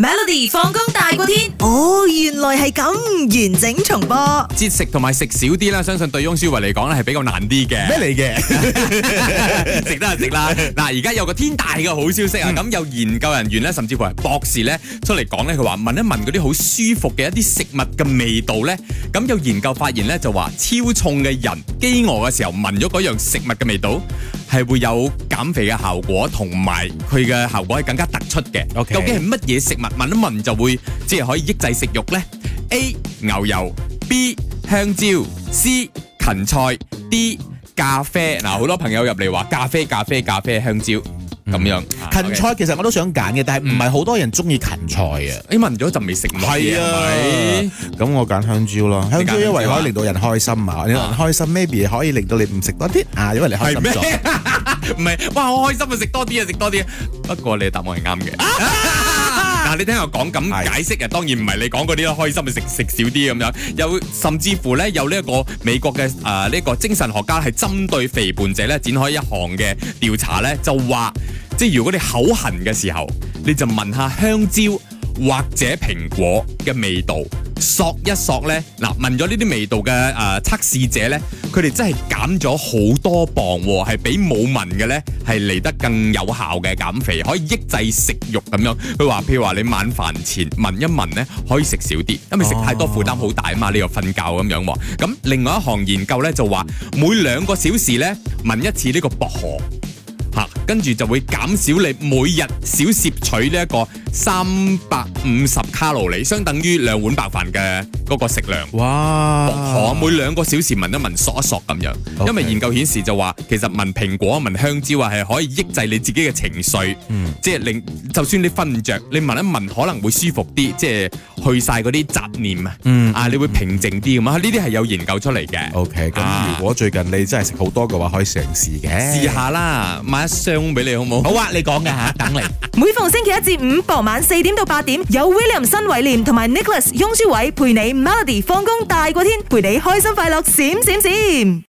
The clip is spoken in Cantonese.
Melody 放工大過天，哦，原來係咁，完整重播，節食同埋食少啲啦，相信對翁舒慧嚟講咧係比較難啲嘅，咩嚟嘅？食得就食啦，嗱，而家有個天大嘅好消息啊！咁、嗯、有研究人員咧，甚至乎係博士咧出嚟講咧，佢話聞一聞嗰啲好舒服嘅一啲食物嘅味道咧，咁有研究發現咧就話超重嘅人飢餓嘅時候聞咗嗰樣食物嘅味道。係會有減肥嘅效果，同埋佢嘅效果係更加突出嘅。Okay. 究竟係乜嘢食物聞一聞就會即係可以抑制食慾呢？A. 牛油，B. 香蕉，C. 芹菜，D. 咖啡。嗱，好多朋友入嚟話咖啡、咖啡、咖啡、香蕉。咁樣芹菜其實我都想揀嘅，但係唔係好多人鍾意芹菜啊？你聞咗就未食？係啊，咁我揀香蕉咯。香蕉因為可以令到人開心啊，令到人開心，maybe 可以令到你唔食多啲啊，因為你開心咗。唔係，哇！好開心啊，食多啲啊，食多啲。不過你嘅答案係啱嘅。嗱，你聽我講咁解釋啊，當然唔係你講嗰啲咯，開心就食食少啲咁樣。有甚至乎咧，有呢一個美國嘅誒呢個精神學家係針對肥胖者咧展開一項嘅調查咧，就話。即係如果你口痕嘅時候，你就聞下香蕉或者蘋果嘅味道，索一索呢，嗱，聞咗呢啲味道嘅誒測試者呢，佢哋真係減咗好多磅，係比冇聞嘅呢係嚟得更有效嘅減肥，可以抑制食欲咁樣。佢話譬如話你晚飯前聞一聞呢，可以食少啲，因為食太多負擔好大啊嘛，啊你又瞓覺咁樣。咁另外一項研究呢，就話每兩個小時呢，聞一次呢個薄荷。跟住就會減少你每日少攝取呢一個三百五十，卡路里相等於兩碗白飯嘅嗰個食量。哇！每兩個小時聞一聞，索一索咁樣。Okay. 因為研究顯示就話，其實聞蘋果聞香蕉係可以抑制你自己嘅情緒。Mm. 即係令，就算你瞓唔著，你聞一聞可能會舒服啲，即係去晒嗰啲雜念。嗯。Mm. 啊，你會平靜啲咁啊？呢啲係有研究出嚟嘅。OK，咁如果最近你真係食好多嘅話，可以嘗試嘅。Ah. 試下啦，買一箱俾你好唔好？好啊，你講嘅嚇， 等你。 每逢星期一至五傍晚四點到八點有 William。新偉廉同埋 Nicholas 雍舒偉陪你 Melody 放工大過天，陪你開心快樂，閃閃閃。閃閃閃